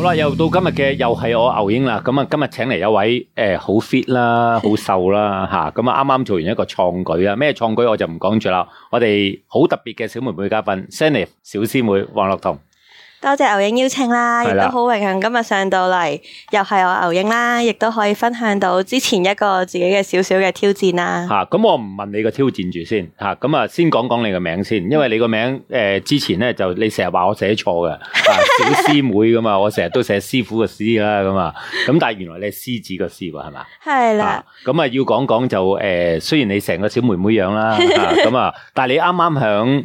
好啦，又到今日嘅，又係我牛英、呃、啦。咁啊，今日請嚟一位誒，好 fit 啦，好瘦啦，吓咁 啊，啱啱做完一個創舉啊，咩創舉我就唔講住啦。我哋好特別嘅小妹妹嘉賓，Sunny 小獅妹王樂彤。多謝牛英邀請啦，亦都好榮幸今日上到嚟，又係我牛英啦，亦都可以分享到之前一個自己嘅少少嘅挑戰啦。吓、啊，咁我唔問你個挑戰住先，吓、啊，咁啊先講講你個名先，因為你個名誒、呃、之前咧，就你成日話我寫錯嘅，小、啊、師妹㗎嘛， 我成日都寫師傅嘅師啦，咁啊，咁但係原來你係獅子個獅話係嘛？係啦，咁啊要講講就誒、呃，雖然你成個小妹妹樣啦，咁啊，啊，但係你啱啱響。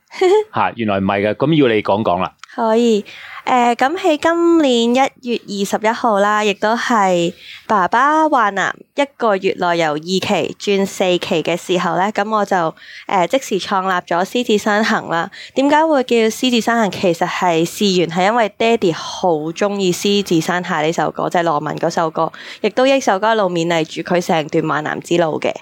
吓， 原來唔係嘅，咁要你講講啦。可以，誒、呃，咁喺今年一月二十一號啦，亦都係爸爸患癌一個月內由二期轉四期嘅時候呢。咁我就誒、呃、即時創立咗獅子山行啦。點解會叫獅子山行？山行其實係事緣係因為爹哋好中意《獅子山下》呢首歌，即、就、係、是、羅文嗰首歌，亦都一首歌路面嚟住佢成段患癌之路嘅。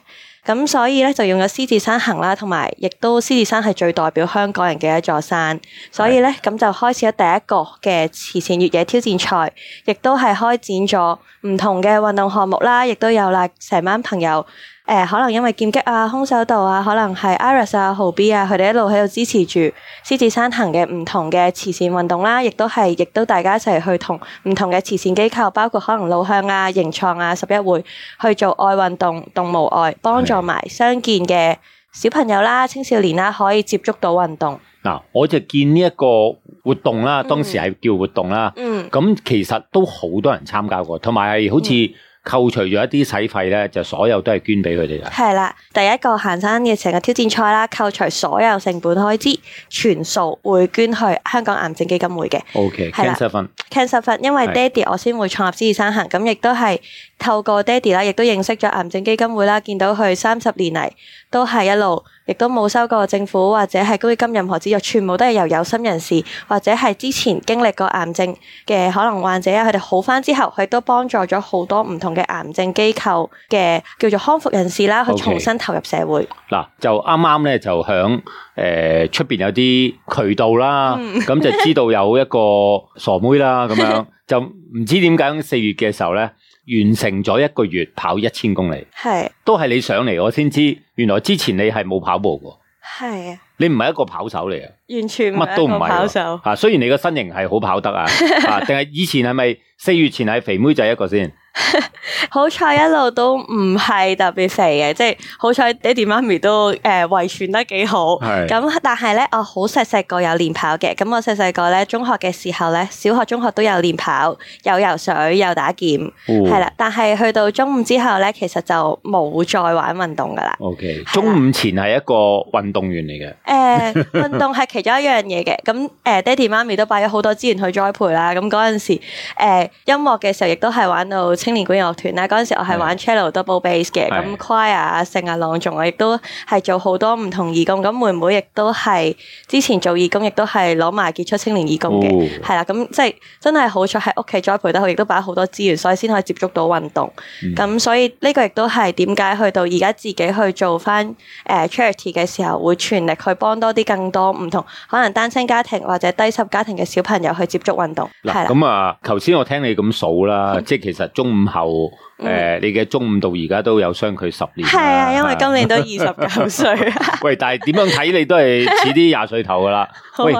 咁所以咧就用咗獅子山行啦，同埋亦都獅子山係最代表香港人嘅一座山，所以咧咁是的 就開始咗第一個嘅慈善越野挑戰賽，亦都係開展咗唔同嘅運動項目啦，亦都有啦成班朋友。誒、呃、可能因為劍擊啊、空手道啊，可能係 IRIS 啊、豪 B 啊，佢哋一路喺度支持住獅子山行嘅唔同嘅慈善運動啦，亦都係，亦都大家一齊去同唔同嘅慈善機構，包括可能老鄉啊、營創啊、十一會去做愛運動，動無礙幫助埋傷健嘅小朋友啦、的青少年啦，可以接觸到運動。嗱，我就見呢一個活動啦，當時係叫活動啦，嗯，咁、嗯、其實都好多人參加過，同埋好似、嗯。扣除咗一啲使費咧，就所有都係捐俾佢哋係啦，第一個行山嘅成個挑戰賽啦，扣除所有成本開支，全數會捐去香港癌症基金會嘅。OK，Cancer Fund，Cancer Fund，因為爹哋我先會創立獅子山行，咁亦的都係。透過爹哋啦，亦都認識咗癌症基金會啦，見到佢三十年嚟都係一路，亦都冇收過政府或者係基金任何資助，全部都係由有心人士或者係之前經歷過癌症嘅可能患者啊，佢哋好返之後，佢都幫助咗好多唔同嘅癌症機構嘅叫做康復人士啦，去重新投入社會。嗱、okay，就啱啱咧就響誒出面有啲渠道啦，咁、嗯、就知道有一個傻妹啦，咁 樣就唔知點解四月嘅時候咧。完成咗一個月跑一千公里，係是都係你上嚟我先知，原來之前你係冇跑步過，係啊是，你唔係一個跑手嚟，完全乜都唔係咯，吓、啊，雖然你個身形係好跑得啊，定係、 啊、以前係咪四月前係肥妹仔一個先？ 好彩一路都唔係特別肥嘅，即係好彩爹哋媽咪都誒遺傳得幾好。咁是的，但係咧我好細細個有練跑嘅，咁我細細個咧中學嘅時候咧，小學、中學都有練跑，又游水，又打劍，係啦、哦。但係去到中午之後咧，其實就冇再玩運動噶啦。O Okay , K，的中午前係一個運動員嚟嘅，呃。誒，運動係其中一樣嘢嘅。咁誒，爹哋媽咪都擺咗好多資源去栽培啦。咁嗰陣時，誒、呃，音樂嘅時候亦都係玩到。青年管樂團啦，嗰陣時我係玩 cello double bass 嘅，咁 choir 的啊、聲的啊、朗誦啊，亦都係做好多唔同義工。咁妹妹亦都係之前做義工，亦都係攞埋傑出青年義工嘅，係啦、哦。咁即係真係好彩喺屋企栽培得好，亦都擺好多資源，所以先可以接觸到運動。咁、嗯、所以呢個亦都係點解去到而家自己去做翻誒、uh, charity 嘅時候，會全力去幫多啲更多唔同可能單親家庭或者低收入家庭嘅小朋友去接觸運動。係啦，咁啊頭先我聽你咁數啦，的即係其實中五後，誒，你嘅中五到而家都有相距十年啦。係啊，因為今年都二十九歲。喂，但係點樣睇你都係似啲廿歲頭噶啦。喂，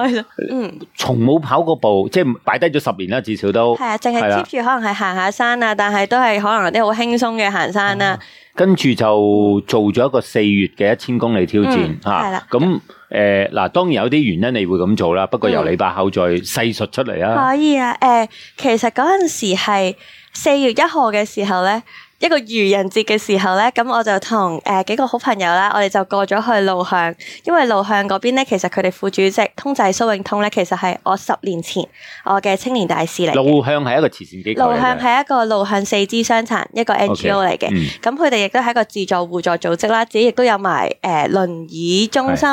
嗯，從冇跑過步，即係擺低咗十年啦，至少都係啊，淨係 keep 住可能係行下山啊，但係都係可能有啲好輕鬆嘅行山啦。跟住就做咗一個四月嘅一千公里挑戰啊。係啦，咁。誒嗱、呃，當然有啲原因你會咁做啦，不過由你把口再細述出嚟吖。可以啊，誒、呃，其實嗰陣時係四月一號嘅時候咧。一個愚人節嘅時候呢，咁我就同誒、呃、幾個好朋友啦。我哋就過咗去路向，因為路向嗰邊呢，其實佢哋副主席通仔蘇永通呢，其實係我十年前我嘅青年大使嚟。路向係一個慈善機構。啊，路向係一個路向四肢傷殘 一個 NGO 嚟嘅，咁佢哋亦都係一個自助互助組織啦，自己亦都有埋誒、呃、輪椅中心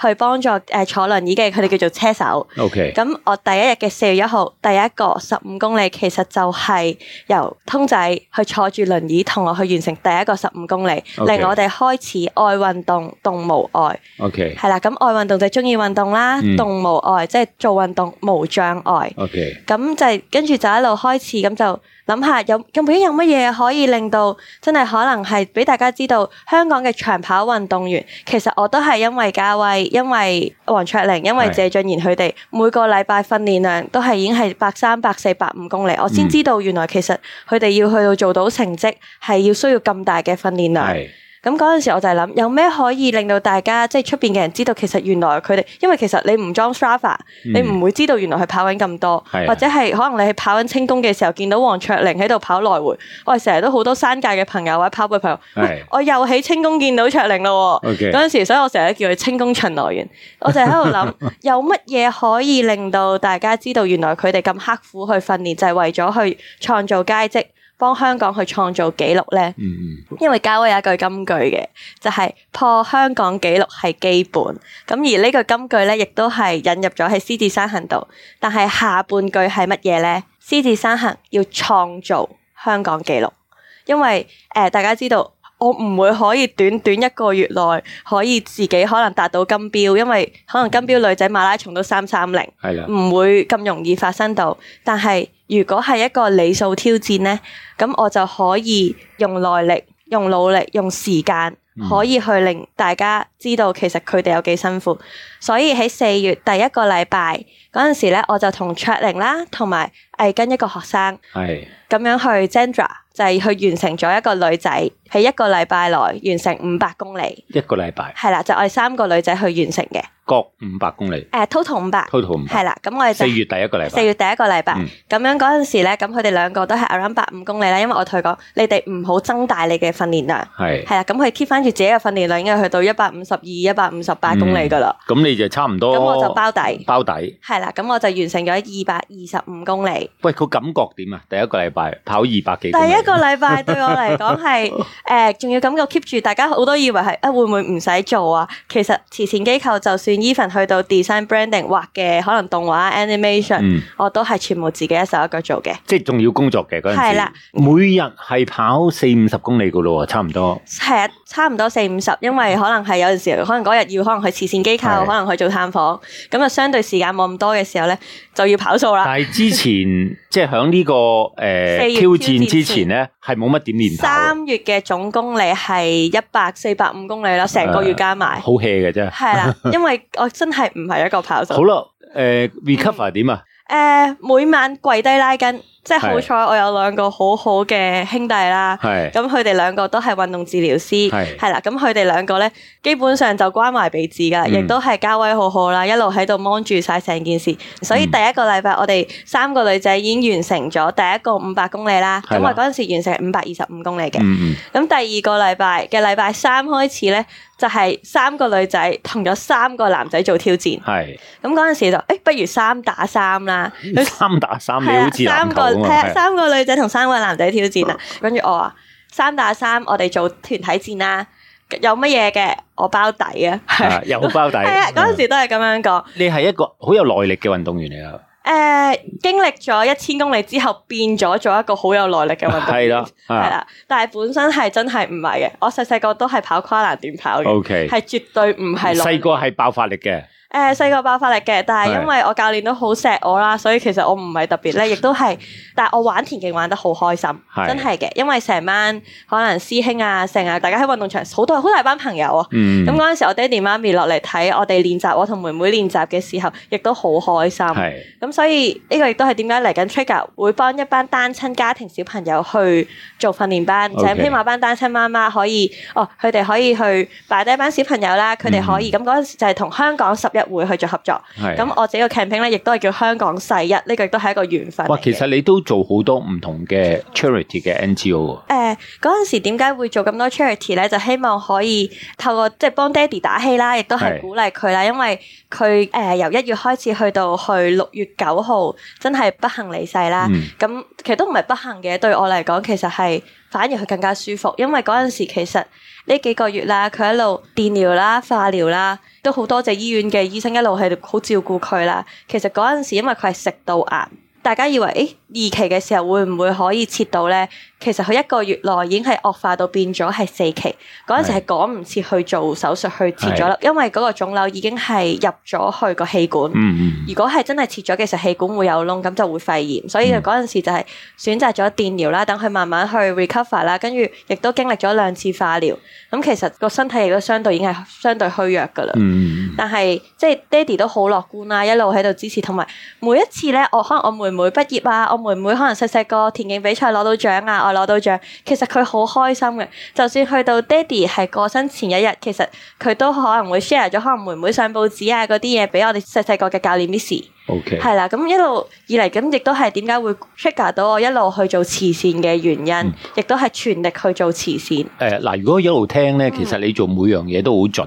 去幫助誒、呃、坐輪椅嘅，佢哋叫做車手。OK，咁我第一日嘅四月一號，第一個十五公里，其實就係由通仔去坐住輪。以同我去完成第一個十五公里，Okay. 令我哋開始愛運動，動無愛。OK，係啦，咁愛運動就中意運動啦，嗯、動無愛即係、就是、做運動無障礙。OK，咁就係、跟住就一路開始咁就。諗下有咁樣有乜嘢可以令到真係可能係俾大家知道，香港嘅長跑運動員，其實我都係因為嘉威，因為黃卓寧、因為謝晉賢佢哋每個禮拜訓練量都係已經係百三、百四、百五公里，我先知道原來其實佢哋要去到做到成績係要需要咁大嘅訓練量。咁嗰陣時我就諗，有咩可以令到大家即係出面嘅人知道，其實原來佢哋，因為其實你唔裝 Strava，嗯、你唔會知道原來佢跑緊咁多，的或者係可能你去跑緊清宮嘅時候見到王卓玲喺度跑來回，我成日都好多山界嘅朋友或者跑步嘅朋友，哎、的我又喺清宮見到卓玲咯。嗰陣 Okay. 時，所以我成日都叫佢清宮巡邏員。我就喺度諗， 有乜嘢可以令到大家知道，原來佢哋咁刻苦去訓練，就係、是、為咗去創造佳績。幫香港去創造紀錄咧，因為嘉威有一句金句嘅，就係、是、破香港紀錄係基本。咁而呢句金句咧，亦都係引入咗喺獅子山行度。但係下半句係乜嘢咧？獅子山行要創造香港紀錄，因為、呃、大家知道。我唔會可以短短一個月內可以自己可能達到金標，因為可能金標女仔馬拉松都三三零，唔會咁容易發生到。但係如果係一個里數挑戰呢，咁我就可以用耐力、用努力、用時間，可以去令大家知道其實佢哋有幾辛苦，所以喺四月第一個禮拜嗰陣時咧，我就同卓玲啦，同埋係跟一個學生，咁是的 樣去 Gendra 就係去完成咗一個女仔喺一個禮拜內完成五百公里。一個禮拜係啦，就我哋三個女仔去完成嘅，各五百公里。誒，total 五百，total 五百係啦。咁共我哋就四月第一個禮拜四月第一個禮拜咁、嗯、樣嗰陣時咧，咁佢哋兩個都係 around 百五公里啦。因為我同佢講，你哋唔好增大你嘅訓練量，係係啦。咁佢 keep 翻住自己嘅訓練量，應該去到一百五。十二一百五十八公里噶啦，咁、嗯、你就差唔多，咁我就包底，包底係啦，咁我就完成咗二百二十五公里。喂，個感覺點啊？第一個禮拜跑二百幾，第一個禮拜對我嚟講係誒，仲、 呃、要感覺 keep 住。大家好多以為係啊、哎，會唔會唔使做啊？其實慈善機構就算 even 去到 design branding 畫嘅可能動畫 animation，、嗯、我都係全部自己一手一腳做嘅，即係仲要工作嘅嗰陣。係啦的，嗯、每日係跑四五十公里噶咯喎，差唔多係，差唔多四五十，因為可能係有。時候可能嗰日要可能去慈善機構，是的 可能去做探訪，咁啊相對時間冇咁多嘅時候咧，就要跑數啦。但係之前 即係響呢個誒、呃、挑戰之前咧，係冇乜點練。三月嘅總公里係一百四百五公里啦，成個月加埋。好 hea 嘅啫。係啊，是的 因為我真係唔係一個跑手。好啦，誒、呃、recover 點啊？誒、呃，每晚跪低拉筋。即係好彩，我有兩個好好嘅兄弟啦。咁佢哋兩個都係運動治療師。係是，啦，咁佢哋兩個咧，基本上就關懷備至噶，亦都係家威好好啦，一路喺度望住晒成件事。所以第一個禮拜我哋三個女仔已經完成咗第一個五百公里啦。咁啦我嗰陣時完成五百二十五公里嘅。咁、嗯、第二個禮拜嘅禮拜三開始咧，就係、是、三個女仔同咗三個男仔做挑戰。係是，咁嗰陣時就誒、欸，不如三打三啦。嗯、他三打三，啊、你好三個。睇下三個女仔同三個男仔挑戰啊！跟住我話三打三，我哋做團體戰啦。有乜嘢嘅？我包底啊！係又包底。嗰陣時都係咁樣講。你係一個好有耐力嘅運動員嚟㗎。誒、呃，經歷咗一千公里之後，變咗做一個好有耐力嘅運動員係咯。係啦，但係本身係真係唔係嘅。我細細個都係跑跨欄短跑嘅。OK，係絕對唔係。細個係爆發力嘅。誒，細個、呃、爆發力嘅，但係因為我教練都好錫我啦，所以其實我唔係特別叻，亦都係，但係我玩田徑玩得好開心， 真係嘅，因為成班可能師兄啊，成日，大家喺運動場好多好大班朋友啊，咁嗰陣時我爹哋媽咪落嚟睇我哋練習，我同妹妹練習嘅時候，亦都好開心，咁、嗯、所以呢個亦都係點解嚟緊 trigger 會幫一班單親家庭小朋友去做訓練班，okay, 就係希望班單親媽媽可以，哦，佢哋可以去帶低一班小朋友啦，佢哋可以，咁嗰陣就係同香港十一會去做合作，咁我自己個 campaign 呢，咧，亦都係叫香港世一，呢個都係一個緣分。哇，其實你都做好多唔同嘅 charity 嘅 NGO。誒、呃，嗰陣時點解會做咁多 charity 咧？就希望可以透過即係幫爹哋打氣啦，亦都係鼓勵佢啦。是因為佢誒、呃、由一月開始去到去六月九號，真係不幸離世啦。咁、嗯、其實都唔係不幸嘅，對我嚟講，其實係反而佢更加舒服，因為嗰陣時其實呢幾個月啦，佢一路電療啦、化療啦。都好多謝醫院嘅醫生一路係好照顧佢啦。其實嗰陣時，因為佢係食到癌。大家以為誒二期嘅時候會唔會可以切到呢？其實佢一個月內已經係惡化到變咗係四期，嗰陣時係趕唔切去做手術去切咗啦，是的 因為嗰個腫瘤已經係入咗去個氣管。嗯嗯如果係真係切咗嘅時候，氣管會有窿，咁就會肺炎。所以就嗰陣時就係選擇咗電療啦，等佢慢慢去 recover 啦，跟住亦都經歷咗兩次化療。咁其實個身體亦都相對已經係相對虛弱㗎啦。嗯嗯但係即係爹哋都好樂觀啦，一路喺度支持，同埋每一次呢。我可能我每。妹妹畢業啊，我妹妹可能細細個田徑比賽攞到獎啊，我攞到獎，其實佢好開心嘅。就算去到爹哋係過身前一日，其實佢都可能會 share 咗可能妹妹上報紙啊嗰啲嘢，俾我哋細細個嘅教練 Miss。係啦，咁 Okay. 一路二嚟咁，亦都係點解會 trigger 到我一路去做慈善嘅原因，嗯、亦都係全力去做慈善。誒嗱、呃，如果一路聽咧，其實你做每樣嘢都好盡。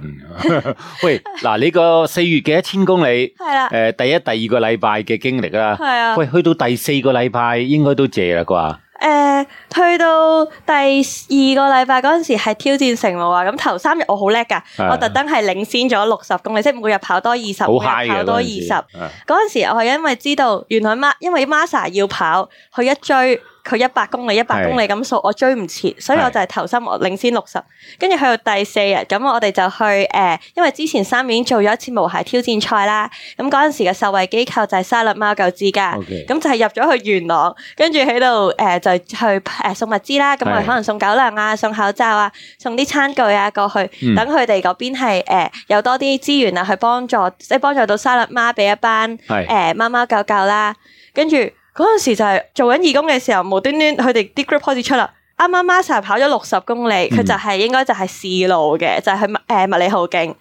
喂，嗱，你個四月嘅一千公里，的呃、第一第二個禮拜嘅經歷啦，的喂，去到第四個禮拜應該都謝啦啩。誒，去到第二個禮拜嗰陣時係挑戰成功啊！咁頭三日我好叻噶，的我特登係領先咗六十公里，即係每日跑多二十，每日跑多二十。嗰陣時我係因為知道，原來媽因為 Masa 要跑，佢一追，佢一百公里，一百公里咁數，是我追唔切，所以我就係頭先是我領先六十，跟住去到第四日，咁我哋就去誒、呃，因為之前三年做咗一次無鞋挑戰賽啦，咁嗰陣時嘅受惠機構就係沙律貓狗之家，咁 Okay, 就係入咗去元朗，跟住喺度誒就去誒送物資啦，咁我可能送狗糧啊，送口罩啊，送啲餐具啊過去，等佢哋嗰邊係誒有多啲資源啊去幫助，即係幫助到沙律媽俾一班誒貓貓狗狗啦，跟、呃、住。貓貓貓貓貓貓貓嗰陣時就係做緊義工嘅時候，無端端佢哋啲 group 開始出啦。啱啱 Masa 跑咗六十公里，佢、嗯、就係、是、應該就係試路嘅，就係、是、誒、呃、物理好勁。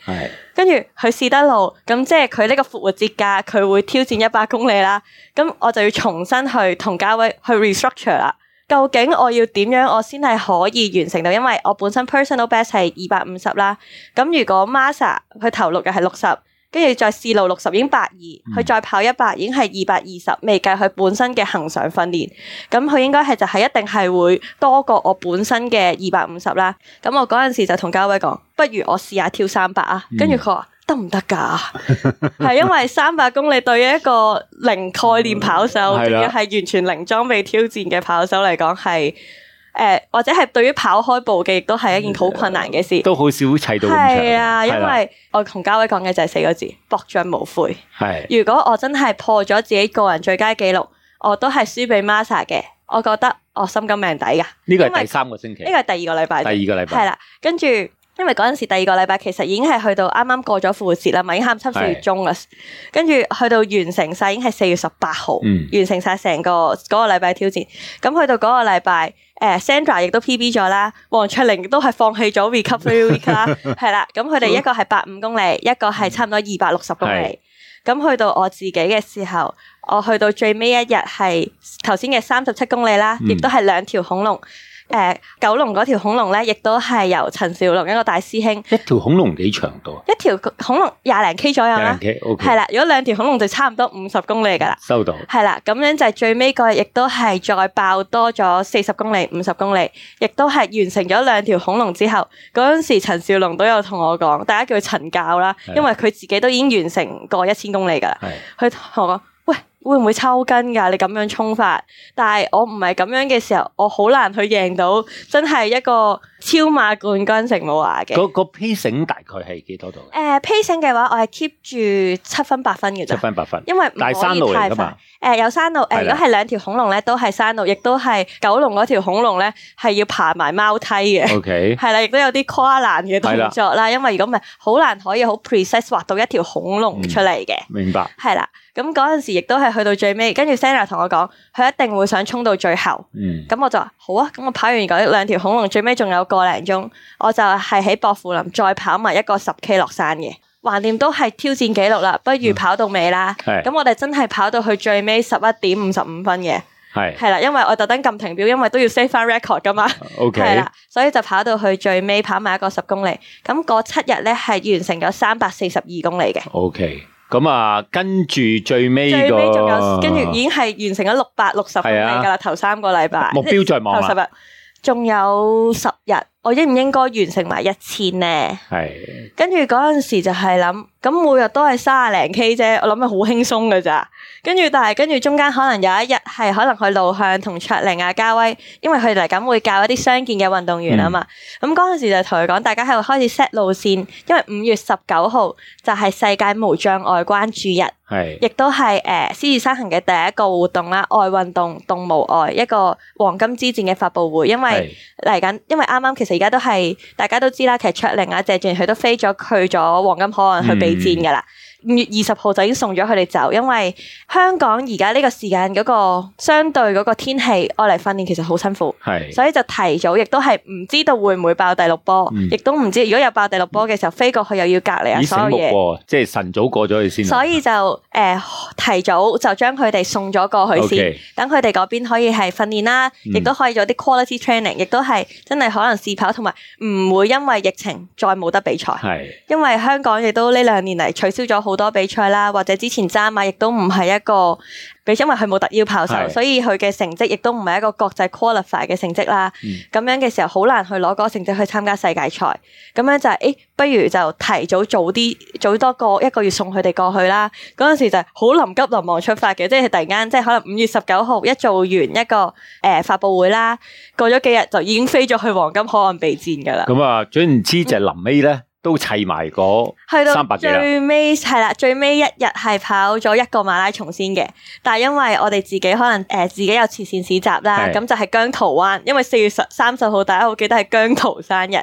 跟住佢試得路，咁即係佢呢個復活節假佢會挑戰一百公里啦。咁我就要重新去同嘉威去 restructure 啦。究竟我要點樣我先係可以完成到？因為我本身 personal best 係二百五十啦。咁如果 Masa 佢投入嘅係六十。跟住再試路六十已經百二，佢再跑一百已經係二百二十，未計佢本身嘅恒常訓練。咁佢應該係就係一定係會多過我本身嘅二百五十啦。咁我嗰陣時就同家威講，不如我試下跳三百啊。跟住佢話得唔得㗎？係 因為三百公里對於一個零概念跑手，係完全零裝備挑戰嘅跑手嚟講係。誒、呃，或者係對於跑開步嘅，亦都係一件好困難嘅事。嗯、都好少砌到。係啊，因為我同嘉威講嘅就係四個字：搏盡無悔。係、啊。如果我真係破咗自己個人最佳記錄，我都係輸俾 Masa 嘅。我覺得我心甘命抵噶。呢個係第三個星期。呢個係第二個禮拜。第二個禮拜。係啦、啊，跟住。因為嗰陣時第二個禮拜其實已經係去到啱啱過咗復活節啦，咪是已經三、七、嗯、四月中啦，跟住去到完成晒已經係四月十八號，完成晒成個嗰個禮拜挑戰。咁去到嗰個禮拜，誒、呃、Sandra 亦都 P. B. 咗啦，黃卓玲亦都係放棄咗 recovery week 啦，係啦。 咁佢哋一個係八五公里，一個係差唔多二百六十公里。咁是去到我自己嘅時候，我去到最尾一日係頭先嘅三十七公里啦，亦、嗯、都係兩條恐龍。誒，uh, 九龍嗰條恐龍咧，亦都係由陳少龍一個大師兄。一條恐龍幾長度啊？一條恐龍廿零 K 左右啦、啊。廿零 K，O K、okay。係啦，如果兩條恐龍就差唔多五十公里噶啦。收到。係啦，咁樣就係最尾個日，亦都係再爆多咗四十公里、五十公里，亦都係完成咗兩條恐龍之後，嗰陣時陳少龍都有同我講，大家叫佢陳教啦，的因爲佢自己都已經完成過一千公里噶啦，佢同的我。會唔會抽筋噶？你咁樣衝法，但係我唔係咁樣嘅時候，我好難去贏到，真係一個超馬冠軍成冇啊嘅。嗰個 n 繩大概係幾多度？誒，n 繩嘅話，我係 keep 住七分八分嘅。七分八分，因為大山路嚟噶嘛。誒、呃，有山路。的呃、如果係兩條恐龍咧，都係山路，亦都係九龍嗰條恐龍咧，係要爬埋貓梯嘅。OK，係啦，亦都有啲跨欄嘅動作啦。的因為如果唔係，好難可以好 precise 滑到一條恐龍出嚟嘅、嗯。明白。係啦。咁嗰陣時亦都係去到最尾，跟住 Senna 同我講，佢一定會想衝到最後。咁、嗯、我就話好啊，咁我跑完嗰兩條恐龍最尾仲有個零鐘，我就係喺薄扶林再跑埋一個十 K 落山嘅，橫掂都係挑戰紀錄啦，不如跑到尾啦。咁、嗯、我哋真係跑到去最尾十一點五十五分嘅，係啦、嗯，因為我特登撳停表，因為都要 set 翻 record 噶嘛。O Okay K，所以就跑到去最尾跑埋一個十公里，咁嗰七日咧係完成咗三百四十二公里嘅。O、okay、K。咁啊，跟住最尾個，跟住已經係完成咗六百六十公里嘅啦，啊、頭三個禮拜，目標在望啦，頭十日仲有十日。我應唔應該完成埋一千呢？係是的 跟住嗰陣時就係諗，咁每日都係三啊零 K 啫，我諗係好輕鬆嘅咋。跟住但係跟住中間可能有一日係可能去路向同卓玲啊、嘉威，因為佢嚟緊會教一啲傷健嘅運動員啊、嗯、嘛。咁嗰陣時就同佢講，大家喺度開始 set 路線，因為五月十九號就係世界無障礙關注日，係亦都係誒獅子山行嘅第一個活動啦。愛運動，動無礙，一個黃金之戰嘅發布會，因為嚟緊，是的 因為啱啱其實。而家都係，大家都知啦，其實卓玲啊，謝俊佢都飛咗去咗黃金海岸去備戰噶啦、嗯。五月二十號就已經送咗佢哋走，因為香港而家呢個時間嗰個相對嗰個天氣，愛嚟訓練其實好辛苦，係，是的 所以就提早，亦都係唔知道會唔會爆第六波，亦都唔知，如果有爆第六波嘅時候，嗯、飛過去又要隔離啊，咦所有嘢、哦，即係晨早過咗去先了，所以就誒、呃、提早就將佢哋送咗過去先，等佢哋嗰邊可以係訓練啦，亦都、嗯、可以做啲 quality training，亦都係真係可能試跑，同埋唔會因為疫情再冇得比賽，係，是的 因為香港亦都呢兩年嚟取消咗好好多比賽啦，或者之前渣馬，亦都唔係一個，因為佢冇特邀跑手，是的 所以佢嘅成績亦都唔係一個國際 qualify 嘅成績啦。咁、嗯、樣嘅時候好難去攞嗰個成績去參加世界賽。咁樣就係、是、誒、欸，不如就提早早啲，早多個一個月送佢哋過去啦。嗰陣時就係好臨急臨忙出發嘅，即係突然間，即係可能五月十九號一做完一個誒、呃、發布會啦，過咗幾日就已經飛咗去黃金海岸備戰噶啦。咁啊，總言之就係臨尾咧。嗯都砌埋個，去到三百最尾係啦，最尾一日係跑咗一個馬拉松先嘅。但係因為我哋自己可能誒、呃、自己有慈善市集啦，咁是的 就係姜濤灣，因為四月三十號大家好記得係姜濤生日。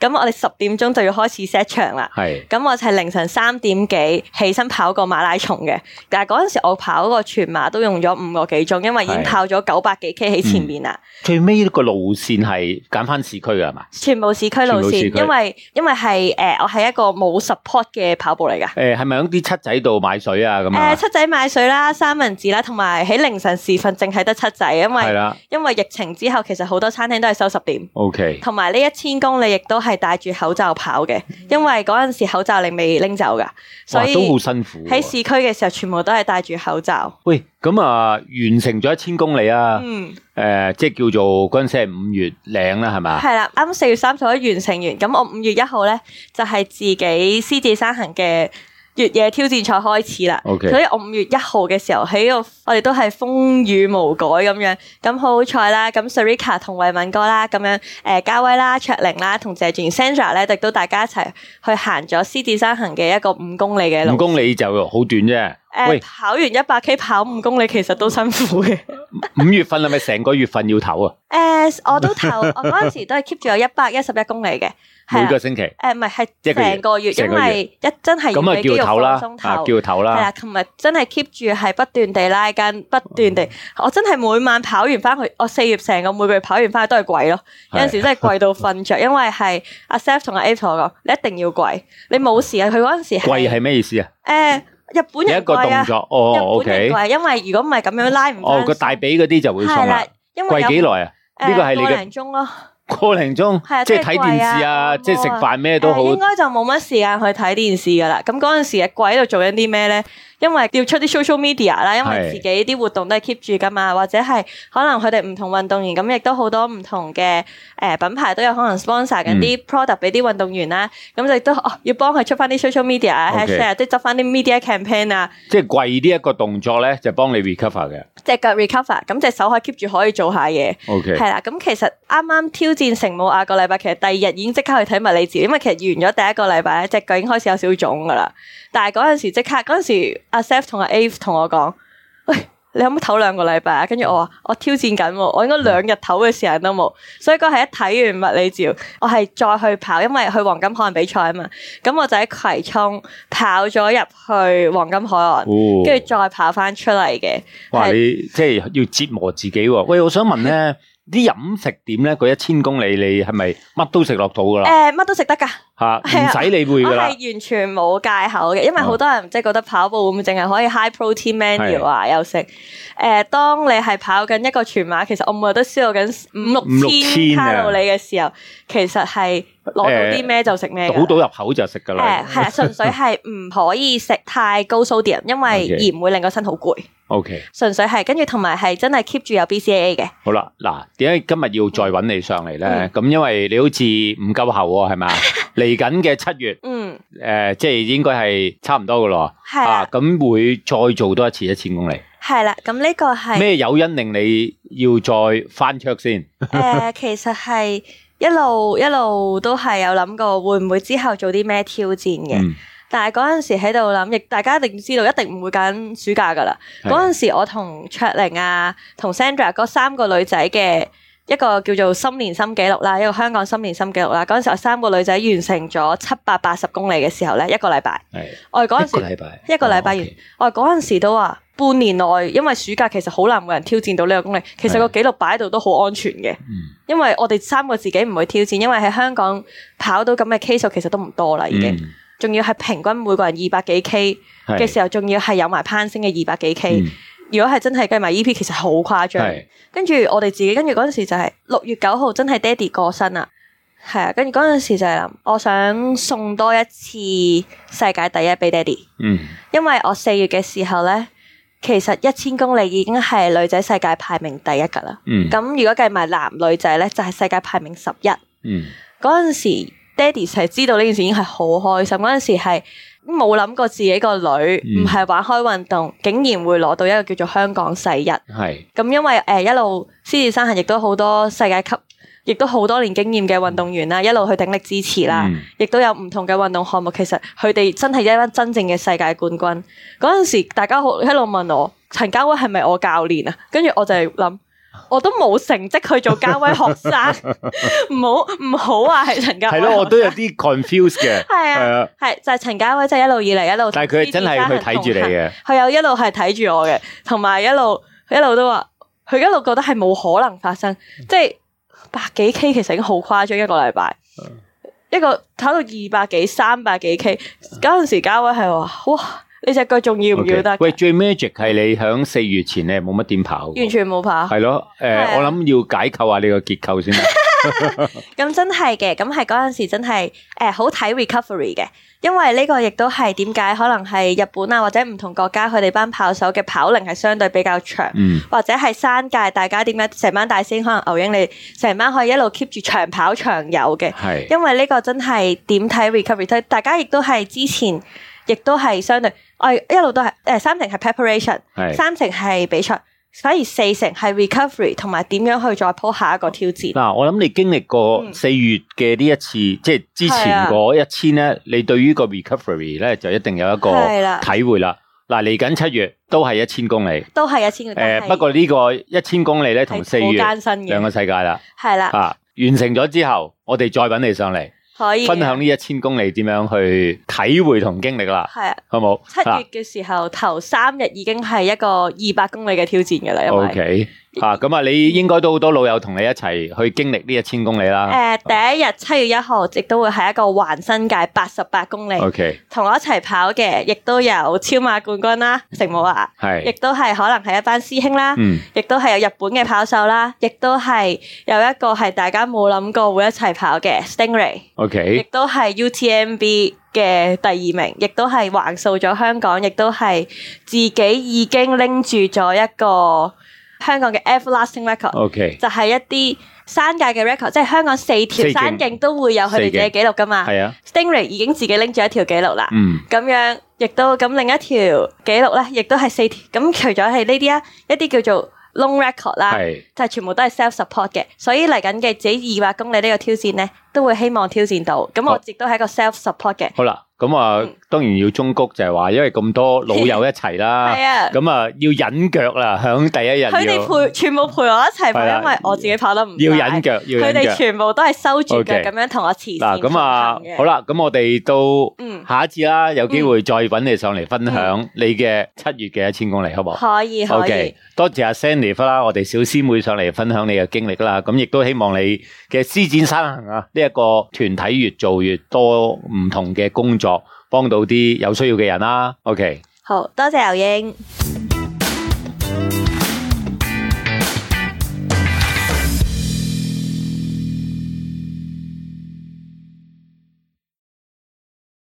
咁我哋十點鐘就要開始 set 場啦。係咁是的 我就係凌晨三點幾起身跑個馬拉松嘅。但係嗰陣時我跑個全馬都用咗五個幾鐘，因為已經跑咗九百幾 K 喺前面啦、嗯。最尾個路線係揀翻市區㗎係嘛？全部市區路線，因為因為係。誒、呃，我係一個冇 support 嘅跑步嚟㗎。誒、呃，係咪喺啲七仔度買水啊？咁、呃、七仔買水啦，三文治啦，同埋喺凌晨時分淨係得七仔，因為的因為疫情之後，其實好多餐廳都係收十點。O Okay K。同埋呢一千公里亦都係戴住口罩跑嘅，因為嗰陣時口罩你未拎走㗎，所以都好辛苦。喺市區嘅時候，全部都係戴住口罩。喂，咁啊，完成咗一千公里啊？嗯。誒，即係叫做公司係五月領啦，係嘛？係啦，啱四月三十號完成完，咁我五月一號咧就係自己獅子山行嘅越野挑戰賽開始啦。OK。所以我五月一號嘅時候喺度我哋都係風雨無改咁樣，咁好彩啦。咁 Sarika 同慧敏哥啦，咁樣誒，嘉威啦、卓玲啦同謝俊、Sandra 咧，亦都大家一齊去行咗獅子山行嘅一個五公里嘅。五公里就好短啫。誒，跑完一百 K 跑五公里其實都辛苦嘅。五月份係咪成個月份要唞啊？誒，我都唞，我嗰陣時都係 keep 住有一百一十一公里嘅。每個星期？誒，唔係，係成個月，因為一真係要肌肉放鬆，唞叫唞啦。係啊，同埋真係 keep 住係不斷地拉筋，不斷地，我真係每晚跑完翻去，我四月成個每個月跑完翻去都係跪咯。有陣時真係跪到瞓着，因為係阿 Seth 同阿 April 講，你一定要跪，你冇事啊。佢嗰陣時跪係咩意思啊？誒。日本有、啊、一個動作，哦，哦，O、okay、K，因為如果唔係咁樣拉唔、哦，哦個大髀嗰啲就會鬆啦。跪幾耐啊？呢個係你嘅兩鐘咯。過程中，即係睇電視啊，即係食飯咩都好，呃，應該就冇乜時間去睇電視噶啦。咁嗰陣時嘅貴喺度做緊啲咩呢？因為要出啲 social media 啦，因為自己啲活動都係 keep 住噶嘛。是的 或者係可能佢哋唔同運動員咁，亦都好多唔同嘅，誒、呃、品牌都有可能 sponsor 緊啲 product 俾啲運動員啦。咁、嗯、就都、哦、要幫佢出翻啲 social media 啊 hash 啊即係執翻啲 media campaign 啊。即係貴啲一個動作呢，就幫你 recover 嘅。隻腳 recover，咁隻手可以 keep 住可以做下嘢，OK，係啦。咁其實啱啱挑戰成冇啊個禮拜，其實第二日已經即刻去睇物理治療，因為其實完咗第一個禮拜，隻腳已經開始有少少腫噶啦。但係嗰陣時即刻，嗰陣時阿 Seth 同阿 Ave 同我講。你可唔可以唞兩個禮拜啊？跟住我話我挑戰緊，我應該兩日唞嘅時間都冇。所以嗰係一睇完物理照，我係再去跑，因為去黃金海岸比賽啊嘛。咁我就喺葵涌跑咗入去黃金海岸，跟住再跑翻出嚟嘅。哦、是哇！你即係要折磨自己喎、啊。喂，我想問咧。啲飲食點咧？嗰一千公里你係咪乜都食落到噶啦？誒、呃，乜都食得噶吓，唔使理會啦。我係完全冇戒口嘅，因為好多人即係覺得跑步會唔會淨係可以 high protein meal 啊，哦、又食誒、呃。當你係跑緊一個全馬，其實我每日都消耗緊五六千卡路里嘅時候，啊、其實係。攞到啲咩就食咩，倒到入口就食噶啦。誒，係啊，純粹係唔可以食太高 sodium，因為鹽會令個身好攰。O K，純粹係跟住同埋係真係 keep 住有 B C A A 嘅。好啦，嗱，點解今日要再搵你上嚟咧？咁因為你好似唔夠喉係咪，嚟緊嘅七月，嗯，誒，即係應該係差唔多噶啦，係啊，咁會再做多一次一千公里。係啦，咁呢個係咩？誘因令你要再翻桌先？誒，其實係。一路一路都係有諗過會唔會之後做啲咩挑戰嘅，嗯、但係嗰陣時喺度諗，亦大家一定知道，一定唔會揀暑假噶啦。嗰陣是的 時我同卓玲啊，同 Sandra 嗰三個女仔嘅。一個叫做新年新紀錄啦，一個香港新年新紀錄啦。嗰陣時候三個女仔完成咗七百八十公里嘅時候咧，一個禮拜。係是我哋嗰陣時一個禮拜、啊、完，okay 我哋嗰陣時都話半年內，因為暑假其實好難，冇人挑戰到呢個公里。其實個紀錄擺喺度都好安全嘅，是因為我哋三個自己唔會挑戰，因為喺香港跑到咁嘅 K 數其實都唔多啦，已經、嗯。仲要係平均每個人二百幾 K 嘅時候，仲是要係有埋攀升嘅二百幾 K、嗯。如果係真係計埋 E.P. 其實好誇張，跟住是 我哋自己跟住嗰陣時就係六月九號真係爹哋過身啦，係啊，跟住嗰陣時就係我想送多一次世界第一俾爹哋，嗯，因為我四月嘅時候呢，其實一千公里已經係女仔世界排名第一㗎喇，嗯，咁如果計埋男女仔呢，就係、是、世界排名十一，嗰陣時。爹哋係知道呢件事已經係好開心，嗰陣時係冇諗過自己個女唔係玩開運動、嗯、竟然會攞到一個叫做香港世一。係咁，因為誒、呃、一路獅子山行亦都好多世界級亦都好多年經驗嘅運動員啦，一路去鼎力支持啦，亦都、嗯、有唔同嘅運動項目。其實，佢哋真係一班真正嘅世界冠軍。嗰陣時大家好一路問我，陳家威係咪我教練啊？跟住我就係諗。我都冇成績去做家威學生， 唔好唔好啊！係陳家威，係咯，我都有啲 confused 嘅，係啊，係就係陳家威，就係、是、一路以嚟一路，但係佢真係去睇住你嘅，佢有一路係睇住我嘅，同埋一路一路都話，佢一路覺得係冇可能發生，即、就、係、是、百幾 K 其實已經好誇張一個禮拜， 一個睇到二百幾、三百幾 K，嗰陣時家威係話哇。你隻腳仲要唔要得？Okay. 喂，最 magic 係你響四月前你冇乜點跑，完全冇跑。係、呃、咯，誒的，我諗要解構下你個結構先 。咁真係嘅，咁係嗰陣時真係誒，好睇 recovery 嘅，因為呢個亦都係點解可能係日本啊或者唔同國家佢哋班跑手嘅跑齡係相對比較長，嗯、或者係山界大家點解成班大師可能牛英你成班可以一路 keep 住長跑長游嘅，係的，因為呢個真係點睇 recovery，大家亦都係之前。亦都係相對，我、哎、一路都係，誒、呃，三成係 preparation，< 是的 S 1> 三成係比賽，反而四成係 recovery，同埋點樣去再鋪下一個挑戰。嗱、啊，我諗你經歷過四月嘅呢一次，嗯、即係之前嗰一千咧，你對於個 recovery 咧就一定有一個體會啦。嗱的，嚟緊七月都係一千公里，都係一千公里。誒、呃，不過呢個一千公里咧同四月嘅兩個世界啦，係啦的、啊，完成咗之後，我哋再揾你上嚟。可以分享呢一千公里點樣去體會同經歷啦，係啊的，好唔好嗎？七月嘅時候的頭三日已經係一個二百公里嘅挑戰嘅啦，OK。啊，咁啊，你應該都好多老友同你一齊去經歷呢一千公里啦。誒，第一日七月一號，亦都會係一個環新界八十八公里。O K。同我一齊跑嘅，亦都有超馬冠軍啦，盛武華。係。亦都係可能係一班師兄啦。嗯。亦都係有日本嘅跑手啦，亦都係有一個係大家冇諗過會一齊跑嘅 Stingray。O K。亦都係 UTMB 嘅第二名，亦都係橫掃咗香港，亦都係自己已經拎住咗一個。香港嘅 Everlasting Record okay, 就係一啲山界嘅 record，即係香港四條山徑都會有佢哋自己嘅記錄噶嘛。啊、Stingray 已經自己拎住一條記錄啦，咁、嗯、樣亦都咁另一條記錄咧，亦都係四條。咁除咗係呢啲啊，一啲叫做 Long Record 啦是，就係全部都係 self support 嘅。所以嚟緊嘅自己二百公里呢個挑戰咧，都會希望挑戰到。咁我亦都係一個 self support 嘅。好啦。咁啊，當然要中谷，就係話，因為咁多老友一齊啦，咁啊要忍腳啦，響第一日要佢哋陪全部陪我一齊，係啦，因為我自己跑得唔快，要忍腳，要忍腳，佢哋全部都係收住腳，咁樣同我獅子山行嘅。嗱，咁啊，好啦，咁我哋到下一次啦，有機會再揾你上嚟分享你嘅七月嘅一千公里，好冇？可以可以。OK，多謝阿 Sandy 翻啦，我哋小師妹上嚟分享你嘅經歷啦，咁亦都希望你嘅獅子山行啊呢一個團體越做越多唔同嘅工作。幫到啲有需要嘅人啦，OK。好多謝牛英。